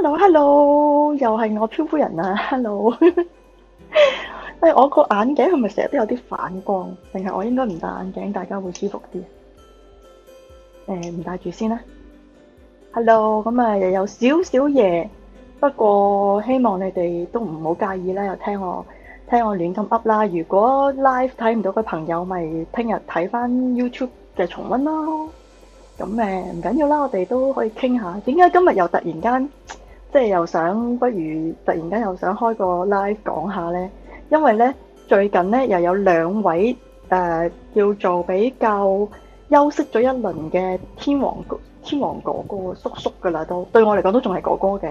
Hello，Hello，Hello，又係我漂夫人啊！Hello， 哎，我個眼鏡係咪成日都有啲反光？定係我應該唔戴眼鏡，大家會舒服啲？誒、欸，唔戴住先啦。Hello，咁啊，又有少少夜，不過希望你哋都唔好介意啦。又聽我聽我亂咁 up 啦。如果 live 睇唔到嘅朋友，咪聽日睇翻 YouTube 嘅重溫啦。咁誒，唔緊要啦，我哋都可以傾下。點解今日又突然間？即係又想，不如突然間又想開個 live 講下呢？因為呢，最近呢又有兩位誒、呃、叫做比較休息咗一輪嘅天王哥天王哥哥叔叔噶啦，都對我嚟講都仲係哥哥嘅，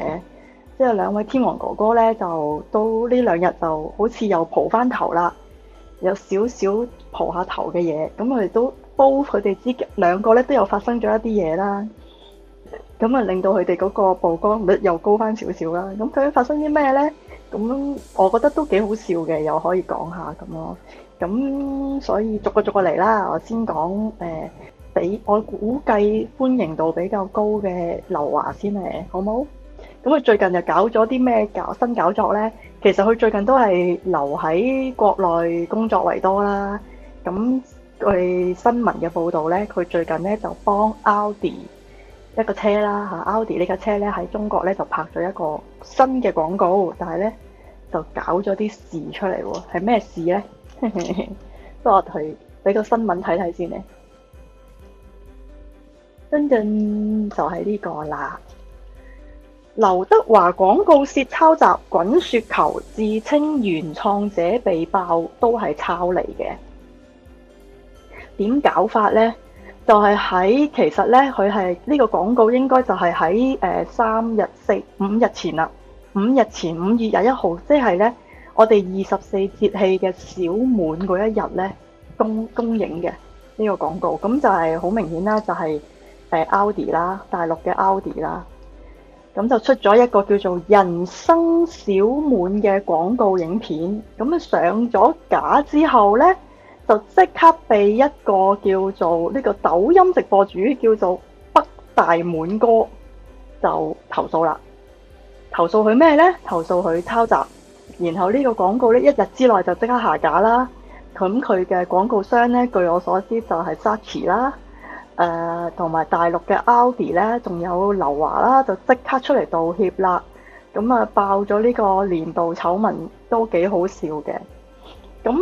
即係兩位天王哥哥呢，就到呢兩日就好似又蒲翻頭啦，有少少蒲下頭嘅嘢，咁我哋都煲佢哋知兩個呢都有發生咗一啲嘢啦。咁啊，令到佢哋嗰個曝光率又高翻少少啦。咁究竟發生啲咩呢？咁我覺得都幾好笑嘅，又可以講下咁咯。咁所以逐個逐個嚟啦。我先講誒，比我估計歡迎度比較高嘅劉華先嚟，好冇？咁佢最近又搞咗啲咩搞新搞作呢？其實佢最近都係留喺國內工作為多啦。咁據新聞嘅報導呢，佢最近呢就幫 Audi。一個車啦吓，奧迪呢個車咧喺中國咧就拍咗一個新嘅廣告，但係咧就搞咗啲事出嚟，係咩事咧？不如佢哋俾個新聞睇睇先咧，跟住就係、是、呢個啦。劉德華廣告涉抄襲《滾雪球》，自稱原創者被爆都係抄嚟嘅，點搞法咧？就係喺其實咧，佢係呢個廣告應該就係喺誒三日四五日前啦，五日前五月廿一號，即係咧我哋二十四節氣嘅小滿嗰一日咧公公映嘅呢個廣告，咁就係好明顯啦，就係誒 Audi 啦，大陸嘅 Audi 啦，咁就出咗一個叫做人生小滿嘅廣告影片，咁啊上咗架之後咧。就即刻被一個叫做呢個抖音直播主叫做北大滿哥就投訴啦，投訴佢咩呢？投訴佢抄襲，然後呢個廣告呢，一日之內就即刻下架啦。咁佢嘅廣告商呢，據我所知就係 Saatchi 啦、呃，誒，同埋大陸嘅 Audi 呢，仲有劉華啦，就即刻出嚟道歉啦。咁啊，爆咗呢個年度醜聞都幾好笑嘅，咁。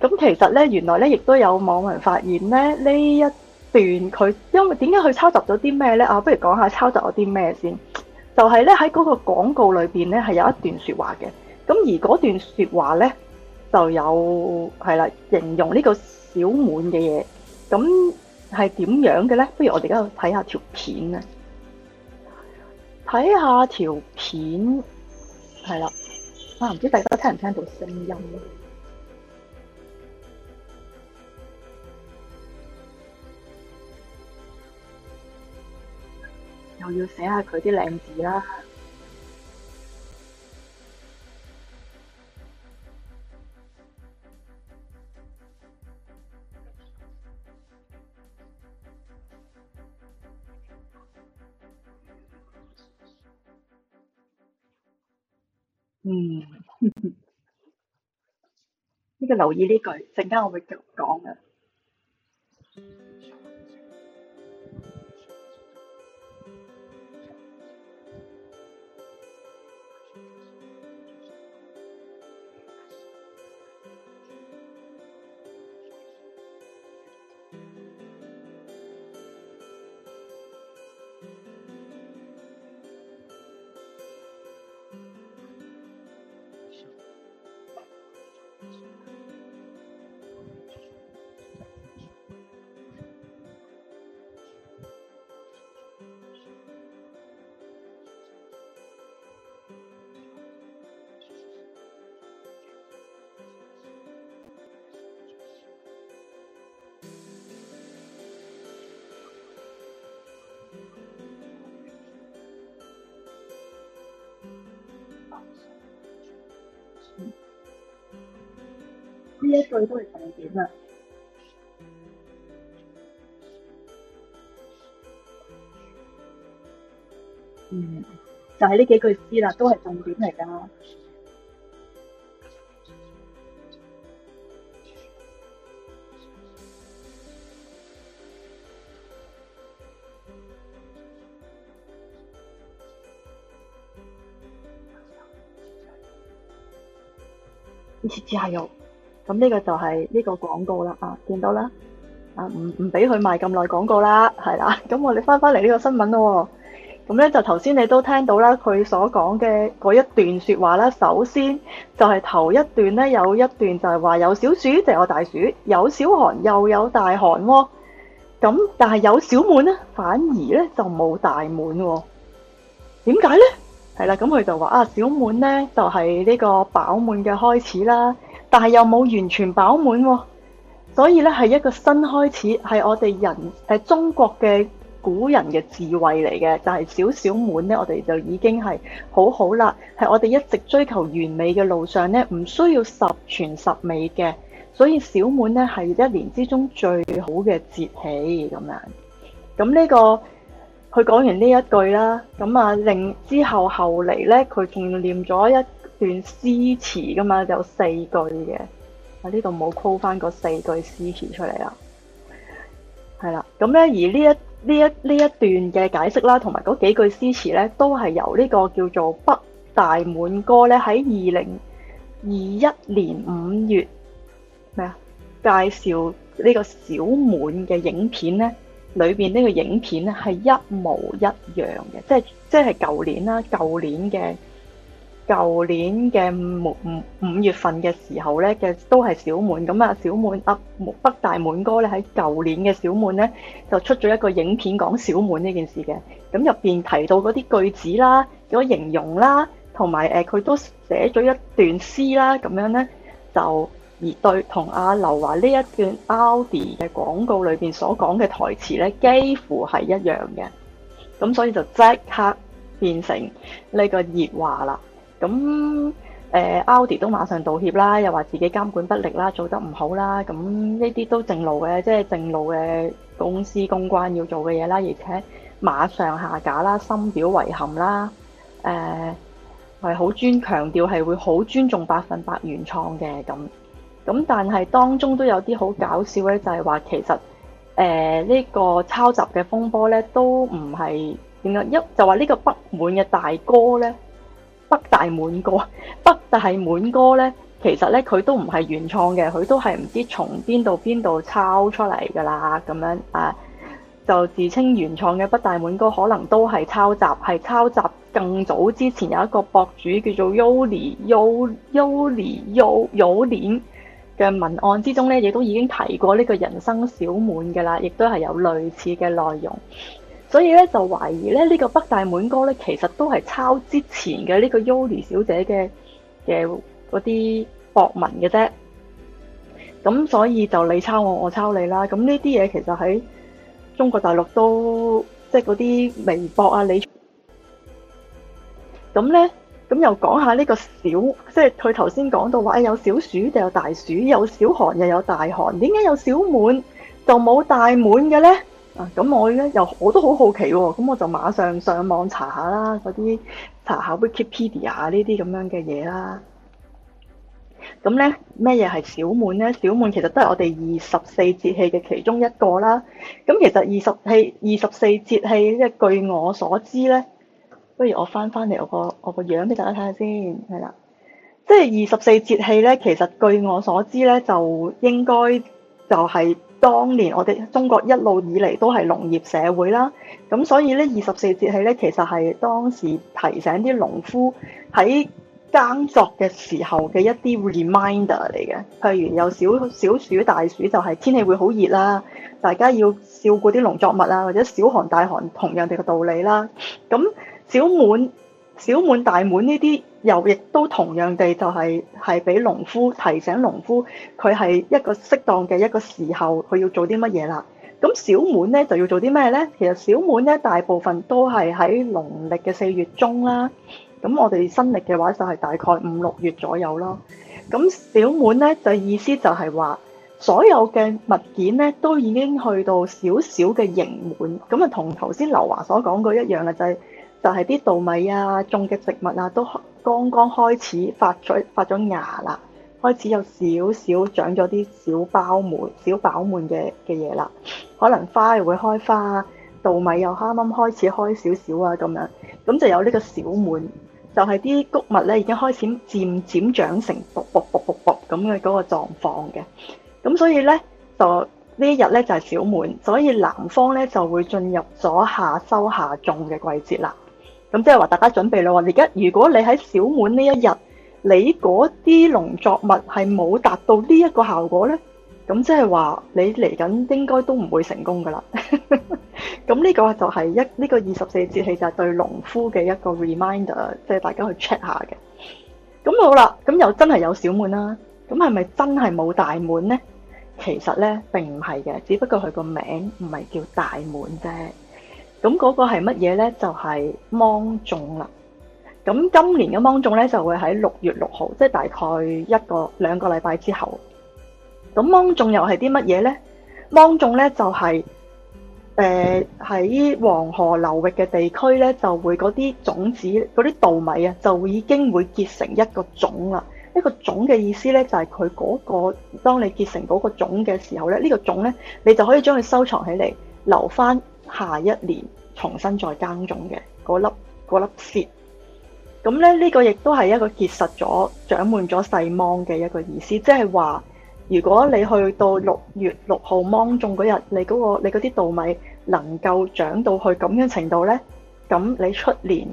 咁其實咧，原來咧亦都有網民發現咧呢一段佢，因為點解佢抄襲咗啲咩咧？啊，不如講下抄襲咗啲咩先。就係咧喺嗰個廣告裏邊咧係有一段說話嘅。咁而嗰段說話咧就有係啦，形容呢個小滿嘅嘢。咁係點樣嘅咧？不如我哋而家去睇下條片，看看條片啊！睇下條片係啦，啊唔知大家聽唔聽到聲音？我要寫下佢啲靚字啦。嗯，呢、這個留意呢句，陣間我會繼續講嘅。呢一句都係重點啦，啊，嗯，就係，是，呢幾句詩啦，都係重點嚟㗎，一起加油！咁呢個就係呢個廣告啦，啊見到啦，啊唔唔俾佢賣咁耐廣告啦，係啦。咁我哋翻翻嚟，呢個新聞咯。咁咧就頭先你都聽到啦，佢所講嘅嗰一段說話啦。首先就係頭一段咧，有一段就係話有小暑即係有大暑，有小寒又有大寒喎。咁但係有小滿咧，反而咧就冇大滿喎。點解咧？係啦，咁佢就話啊，小滿咧就係呢個飽滿嘅開始啦。但係又冇完全飽滿喎，所以呢，係一個新開始，係我哋人係中國嘅古人嘅智慧嚟嘅，就係少少滿呢，我哋就已經係好好啦，係我哋一直追求完美嘅路上呢，唔需要十全十美嘅，所以小滿呢，係一年之中最好嘅節氣咁樣。咁呢個佢講完呢一句啦，咁啊令之後後嚟呢，佢仲念咗一段詩詞噶嘛，有四句嘅，我呢度冇 call 翻嗰四句詩詞出嚟啦，係啦，咁咧而呢一呢一呢一段嘅解釋啦，同埋嗰幾句詩詞咧，都係由呢個叫做北大滿哥咧喺二零二一年五月咩啊介紹呢個小滿嘅影片咧，裏邊呢個影片咧係一模一樣嘅，即係即係舊年啦，舊年嘅。舊年嘅五五月份嘅時候咧，嘅都係小滿咁啊。小滿 Up 北大滿哥咧，喺舊年嘅小滿呢，就出咗一個影片講小滿呢件事嘅。咁入邊提到嗰啲句子啦，嗰形容啦，同埋誒佢都寫咗一段詩啦，咁樣呢，就而對同阿劉華呢一段 Audi 嘅廣告裏邊所講嘅台詞呢，幾乎係一樣嘅。咁所以就即刻變成呢個熱話啦。咁誒、呃、Audi 都馬上道歉啦，又話自己監管不力啦，做得唔好啦。咁呢啲都正路嘅，即係正路嘅公司公關要做嘅嘢啦。而且馬上下架啦，深表遺憾啦。係好專強調係會好尊重百分百原創嘅咁。咁但係當中都有啲好搞笑咧，就係、是、話其實呢、呃這個抄襲嘅風波咧，都唔係點解。一就話呢個北大滿嘅大哥咧。北大滿歌，北大滿歌呢，其實呢，佢都唔係原創嘅，佢都係唔知從邊度邊度抄出嚟噶啦咁樣啊，就自稱原創嘅北大滿歌，可能都係抄襲，係抄襲更早之前有一個博主叫做 Yoli Yoli Yoli Yoli 嘅文案之中呢，亦都已經提過呢個人生小滿噶啦，亦都係有類似嘅內容。所以咧就懷疑咧呢個北大滿哥咧其實都係抄之前嘅呢個 Yoni 小姐嘅嘅嗰啲博文嘅啫。咁所以就你抄我，我抄你啦。咁呢啲嘢其實喺中國大陸都即係嗰啲微博啊，你咁咧咁又講下呢個小，即係佢頭先講到話，誒有小暑就有大暑，有小寒又有大寒，點解有小滿就冇大滿嘅咧？啊，咁我咧又我都好好奇喎，咁我就馬上上網查下啦，嗰啲查下 Wikipedia 呢啲咁樣嘅嘢啦。咁咧咩嘢係小滿咧？小滿其實都係我哋二十四節氣嘅其中一個啦。咁其實二十四二十四節氣，即係據我所知咧，不如我翻翻嚟我個我個樣俾大家睇下先，係啦。即係二十四節氣咧，其實據我所知咧，就應該就係。當年我哋中國一路以嚟都係農業社會啦，咁所以呢，二十四節氣呢，其實係當時提醒啲農夫喺耕作嘅時候嘅一啲 reminder 嚟嘅。譬如有小小暑大暑就係天氣會好熱啦，大家要照顧啲農作物啊，或者小寒大寒同樣地嘅道理啦。咁小滿。小滿、大滿呢啲又亦都同樣地就係係俾農夫提醒農夫，佢係一個適當嘅一個時候，佢要做啲乜嘢啦。咁小滿咧就要做啲咩咧？其實小滿咧大部分都係喺農曆嘅四月中啦。咁我哋新曆嘅話就係大概五六月左右囉。咁小滿咧就意思就係話，所有嘅物件咧都已經去到少少嘅盈滿。咁啊，同頭先劉華所講嗰一樣嘅，就係、是。就係啲稻米啊，種嘅植物啊，都剛剛開始發咗發咗芽啦，開始有少少長咗啲小苞滿小飽滿嘅嘅嘢啦。可能花又會開花，稻米又啱啱開始開少少啊咁樣，咁就有呢個小滿，就係啲穀物咧已經開始漸漸長成勃勃勃勃咁嘅嗰個狀況嘅。咁所以呢，就呢一日呢，就係小滿，所以南方呢，就會進入咗夏收夏種嘅季節啦。咁即係話大家準備咯，而家如果你喺小滿呢一日，你嗰啲農作物係冇達到呢一個效果呢，咁即係話你嚟緊應該都唔會成功噶啦。咁呢個就係一呢個二十四節氣就係對農夫嘅一個 reminder，即係大家去 check 下嘅。咁好啦，咁又真係有小滿啦，咁係咪真係冇大滿呢？其實呢並唔係嘅，只不過佢個名唔係叫大滿啫。咁嗰個係乜嘢呢？就係芒種啦。咁今年嘅芒種呢，就會喺六月六號，即係大概一個兩個禮拜之後。咁芒種又係啲乜嘢呢？芒種呢，就係誒喺黃河流域嘅地區呢，就會嗰啲種子嗰啲稻米啊，就已經會結成一個種啦。一個種嘅意思呢，就係佢嗰個當你結成嗰個種嘅時候呢，呢個種呢，你就可以將佢收藏起嚟，留翻。下一年重新再耕種嘅嗰粒嗰粒屑咁咧，呢個亦都係一個結實咗、長滿咗細芒嘅一個意思，即係話如果你去到六月六號芒種嗰日，你嗰個你嗰啲稻米能夠長到去咁樣程度咧，咁你出年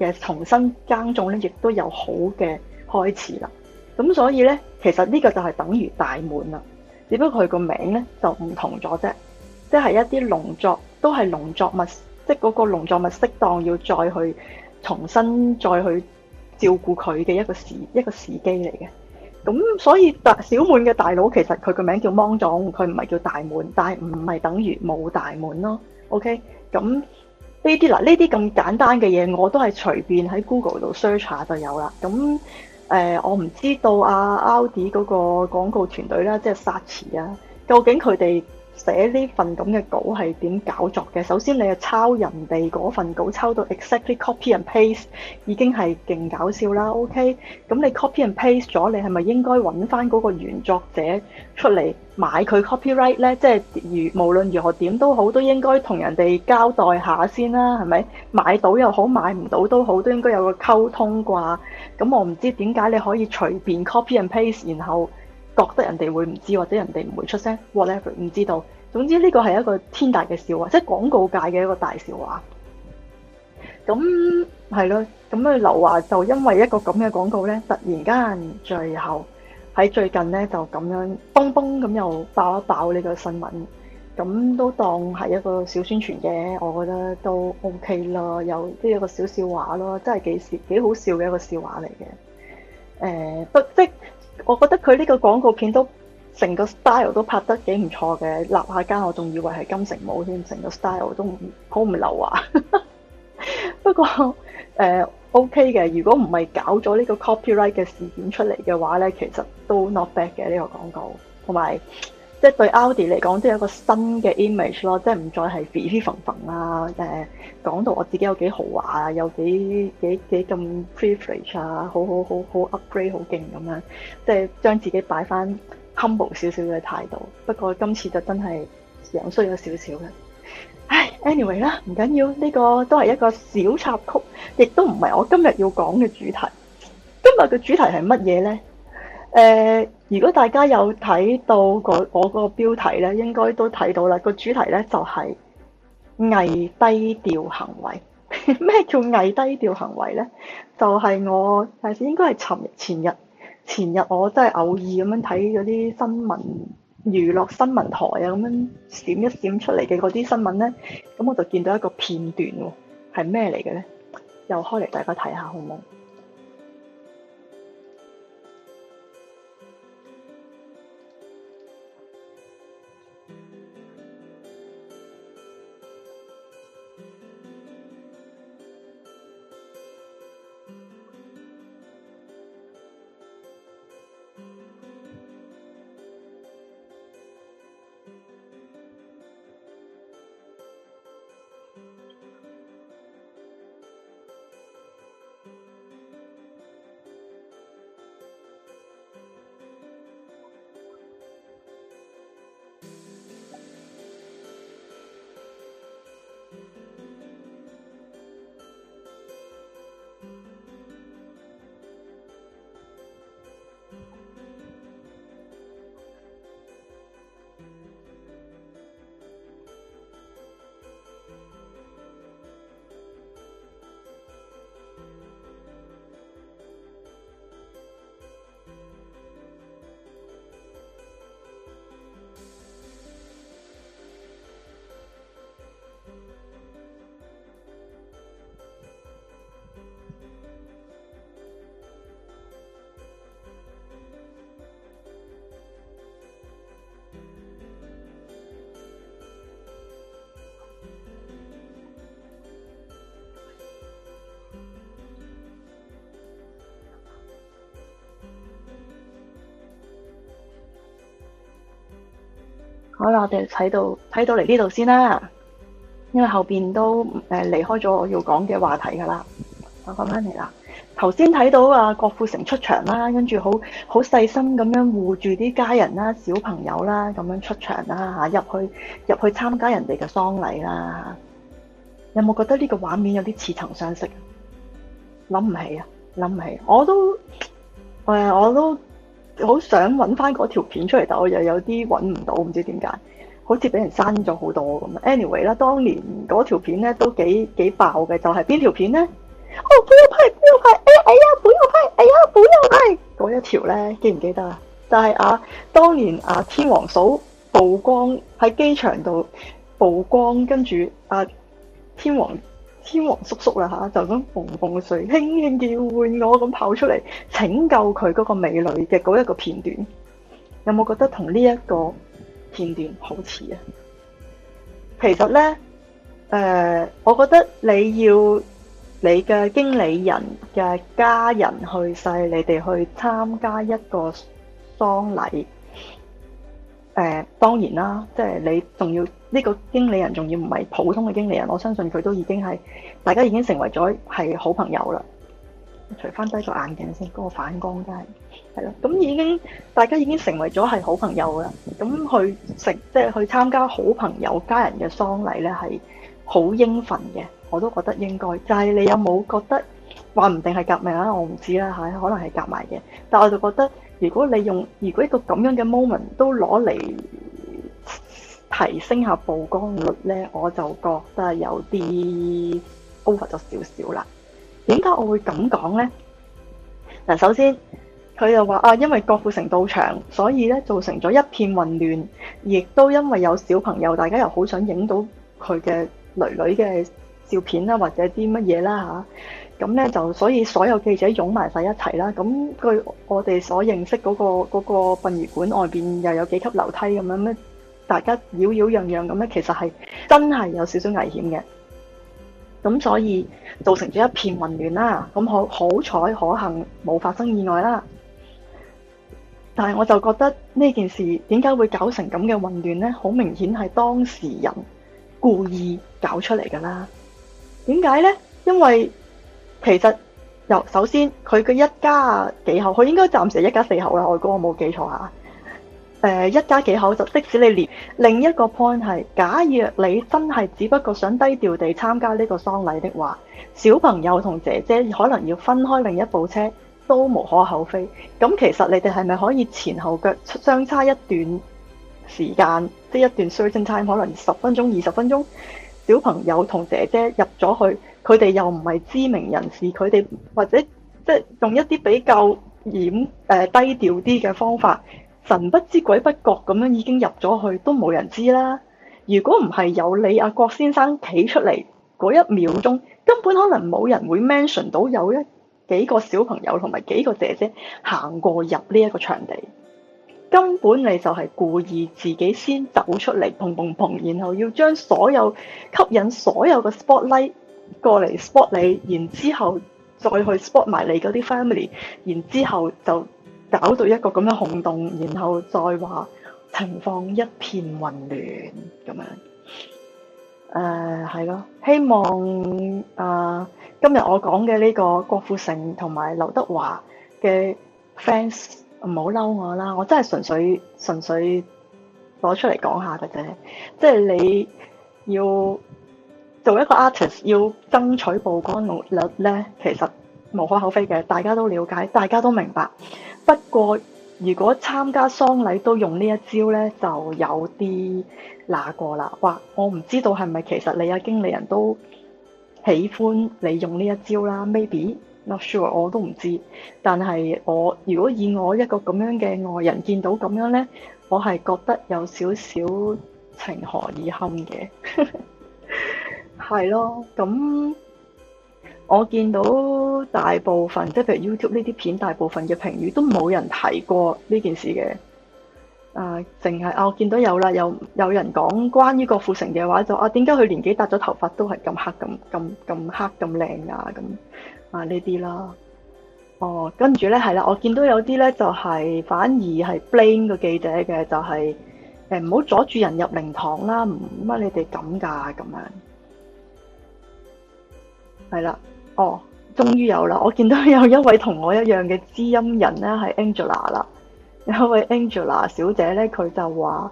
嘅重新耕種咧，亦都有好嘅開始啦。咁所以咧，其實呢個就係等於大滿啦，只不過佢個名咧就唔同咗啫。即係一啲農作，都係農作物，即係嗰個農作物適當要再去重新再去照顧佢嘅一個時一個時機嚟嘅。咁所以大小滿嘅大佬其實佢嘅名叫芒種，佢唔係叫大滿，但係唔係等於冇大滿咯。OK，咁呢啲嗱呢啲咁簡單嘅嘢，我都係隨便喺 Google 度 search 下就有啦。咁誒、呃，我唔知道阿、啊、Audi 嗰個廣告團隊啦，即係 Saatchi 啊，究竟佢哋。寫呢份咁嘅稿係點搞作嘅？首先你係抄人哋嗰份稿，抄到 exactly copy and paste 已經係勁搞笑啦。OK，咁你 copy and paste 咗，你係咪應該揾翻嗰個原作者出嚟買佢 copyright 呢？即係如無論如何點都好，都應該同人哋交代下先啦、啊，係咪？買到又好，買唔到都好，都應該有個溝通啩？咁我唔知點解你可以隨便 copy and paste，然後。覺得人哋會唔知，或者人哋唔會出聲，whatever，唔知道。總之呢個係一個天大嘅笑話，即係廣告界嘅一個大笑話。咁係咯，咁佢劉華就因為一個咁嘅廣告呢，突然間最後喺最近呢，就咁樣崩崩咁又爆一爆呢個新聞。咁都當係一個小宣傳嘅，我覺得都 OK 啦，有即係一個小笑話咯，真係幾笑幾好笑嘅一個笑話嚟嘅。誒、呃，不即。我覺得佢呢個廣告片都成個 style 都拍得幾唔錯嘅，立下間我仲以為係金城武添，成個 style 都好唔流滑。 不過、呃、OK 嘅，如果唔係搞咗呢個 copyright 嘅事件出嚟嘅話呢，其實都 not bad 嘅呢、這個廣告，同埋。即係對 Audi 嚟講，都有一個新嘅 image 咯，即係唔再係肥肥粉粉啊，誒，講到我自己有幾豪華啊，有幾幾幾咁 privilege 啊，好好好好 upgrade 好勁咁樣，即係將自己擺翻 humble 少少嘅態度。不過今次就真係樣衰咗少少嘅。唉，anyway 啦，唔緊要，呢個都係一個小插曲，亦都唔係我今日要講嘅主題。今日嘅主題係乜嘢呢？誒、呃。如果大家有睇到我嗰個標題咧，應該都睇到啦。個主題咧就係、是、偽低調行為。咩 叫偽低調行為咧？就係、是、我，係應該係尋前日，前日我真係偶爾咁樣睇嗰啲新聞、娛樂新聞台啊，咁樣閃一閃出嚟嘅嗰啲新聞咧，咁我就見到一個片段喎。係咩嚟嘅咧？又開嚟大家睇下好冇？好啦，我哋睇到睇到嚟呢度先啦，因為後邊都誒離開咗我要講嘅話題噶啦，我講翻嚟啦。頭先睇到阿郭富城出場啦，跟住好好細心咁樣護住啲家人啦、小朋友啦，咁樣出場啦吓，入去入去參加人哋嘅喪禮啦吓，有冇覺得呢個畫面有啲似曾相識？諗唔起啊，諗唔起，我都誒，我都。好想揾翻嗰條片出嚟，但我又有啲揾唔到，唔知點解好似俾人刪咗好多咁。Anyway 啦，當年嗰條片咧都幾幾爆嘅，就係、是、邊條片咧？哦，不要拍不要拍，哎呀哎呀不要拍，哎呀不要拍，嗰、哎、一條咧，記唔記得啊？就係、是、啊，當年啊天王嫂曝光喺機場度曝光，跟住啊天王。天王叔叔啦嚇，就咁逢逢水輕輕叫喚我咁跑出嚟拯救佢嗰個美女嘅嗰一個片段，有冇覺得同呢一個片段好似啊？其實呢，誒，我覺得你要你嘅經理人嘅家人去世，你哋去參加一個喪禮。誒、呃、當然啦，即係你仲要呢、呢個經理人仲要唔係普通嘅經理人，我相信佢都已經係大家已經成為咗係好朋友啦。除翻低個眼鏡先，嗰、嗰個反光真係咯。咁已經大家已經成為咗係好朋友啦。咁去食即係去參加好朋友家人嘅喪禮咧，係好應份嘅，我都覺得應該。就係、係、你有冇覺得話唔定係革命啊？我唔知啦嚇，可能係夾埋嘅。但我就覺得。如果你用，如果一個咁樣嘅 moment 都攞嚟提升下曝光率呢，我就覺得有啲 over 咗少少啦。點解我會咁講呢？嗱，首先佢又話啊，因為郭富城到場，所以呢造成咗一片混亂，亦都因為有小朋友，大家又好想影到佢嘅女女嘅照片啦，或者啲乜嘢啦嚇。咁咧就，所以所有記者擁埋晒一齊啦。咁據我哋所認識嗰個嗰個殯儀館外邊又有幾級樓梯咁樣咧，大家擾擾攘攘咁咧，其實係真係有少少危險嘅。咁所以造成咗一片混亂啦。咁好好彩可幸冇發生意外啦。但係我就覺得呢件事點解會搞成咁嘅混亂呢？好明顯係當事人故意搞出嚟噶啦。點解呢？因為其實，首先佢嘅一家幾口，佢應該暫時一家四口啦，我估我冇記錯嚇、呃。一家幾口就即使你連另一個 point 係，假如你真係只不過想低調地參加呢個喪禮的話，小朋友同姐姐可能要分開另一部車，都無可厚非。咁其實你哋係咪可以前後腳相差一段時間，即、就是、一段衰正差，可能十分鐘、二十分鐘，小朋友同姐姐入咗去。佢哋又唔係知名人士，佢哋或者即係用一啲比較掩、呃、低調啲嘅方法，神不知鬼不覺咁樣已經入咗去，都冇人知啦。如果唔係有你阿郭先生企出嚟嗰一秒鐘，根本可能冇人會 mention 到有一幾個小朋友同埋幾個姐姐行過入呢一個場地。根本你就係故意自己先走出嚟，砰砰砰，然後要將所有吸引所有嘅 spotlight。過嚟 spot 你，然之後再去 spot 埋你嗰啲 family，然之後就搞到一個咁嘅空洞，然後再話情況一片混亂咁樣。誒、呃，係咯，希望誒、呃、今日我講嘅呢個郭富城同埋劉德華嘅 fans 唔好嬲我啦，我真係純粹純粹攞出嚟講下嘅啫，即係你要。做一個 artist 要爭取曝光率呢，其實無可厚非嘅，大家都了解，大家都明白。不過如果參加喪禮都用呢一招呢，就有啲那個啦。哇！我唔知道係咪其實你嘅經理人都喜歡你用呢一招啦。Maybe not sure，我都唔知道。但係我如果以我一個咁樣嘅外人見到咁樣呢，我係覺得有少少情何以堪嘅。 係咯，咁我見到大部分即係譬如 YouTube 呢啲片，大部分嘅評語都冇人提過呢件事嘅、呃。啊，淨係我見到有啦，有有人講關於郭富城嘅話，就啊，點解佢年紀搭咗頭髮都係咁黑咁咁咁黑咁靚噶咁啊？呢啲啦。哦，跟住咧係啦，我見到有啲咧就係、是、反而係 blame 個記者嘅，就係誒唔好阻住人入靈堂啦，唔乜你哋咁噶咁樣。係啦，哦，終於有啦！我見到有一位同我一樣嘅知音人咧，係 Angela 啦。有位 Angela 小姐咧，佢就話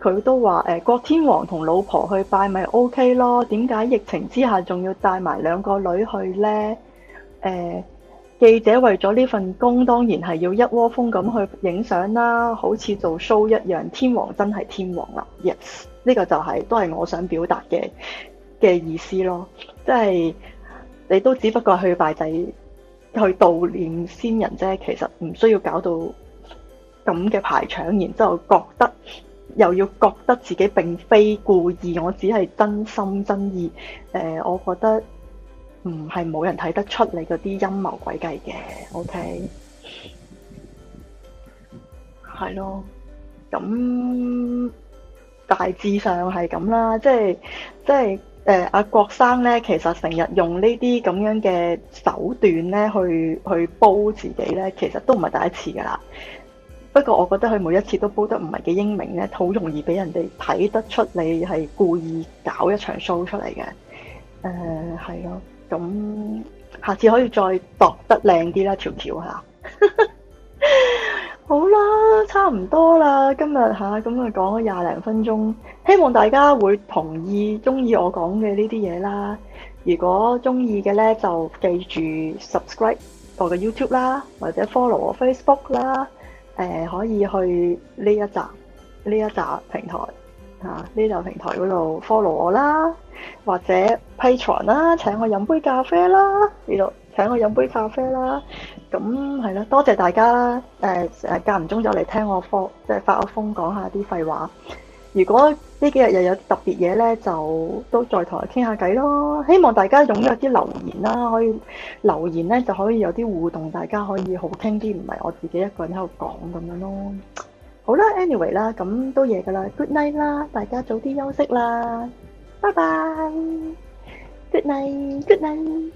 佢都話誒、呃，郭天王同老婆去拜咪 OK 咯？點解疫情之下仲要帶埋兩個女去呢？誒、呃，記者為咗呢份工，當然係要一窩蜂咁去影相啦，好似做 show 一樣。天王真係天王啦！Yes，呢個就係、是、都係我想表達嘅嘅意思咯，即係。你都只不過去拜祭、去悼念先人啫，其實唔需要搞到咁嘅排場，然之後覺得又要覺得自己並非故意，我只係真心真意。呃，我覺得唔係冇人睇得出你嗰啲陰謀詭計嘅。OK，係咯，咁大致上係咁啦，即係即係。誒、呃、阿郭生呢，其實成日用呢啲咁樣嘅手段呢，去去煲自己呢，其實都唔係第一次噶啦。不過我覺得佢每一次都煲得唔係幾英明呢，好容易俾人哋睇得出你係故意搞一場 show 出嚟嘅。誒係咯，咁下次可以再度得靚啲啦，條橋吓。 差唔多啦，今日吓咁啊講咗廿零分鐘，希望大家會同意中意我講嘅呢啲嘢啦。如果中意嘅呢，就記住 subscribe 我嘅 YouTube 啦，或者 follow 我 Facebook 啦。誒、呃，可以去呢一集呢一集平台吓呢度平台嗰度 follow 我啦，或者 Patreon 啦，請我飲杯咖啡啦，呢度，請我飲杯咖啡啦。咁係啦，多謝大家，誒誒隔唔中有嚟聽我發，即係發下瘋講下啲廢話。如果呢幾日又有特別嘢呢，就都再同我傾下偈咯。希望大家踴躍啲留言啦，可以留言呢就可以有啲互動，大家可以好傾啲，唔係我自己一個人喺度講咁樣咯。好啦，anyway 啦，咁都夜噶啦，good night 啦，大家早啲休息啦，拜拜，good night，good night。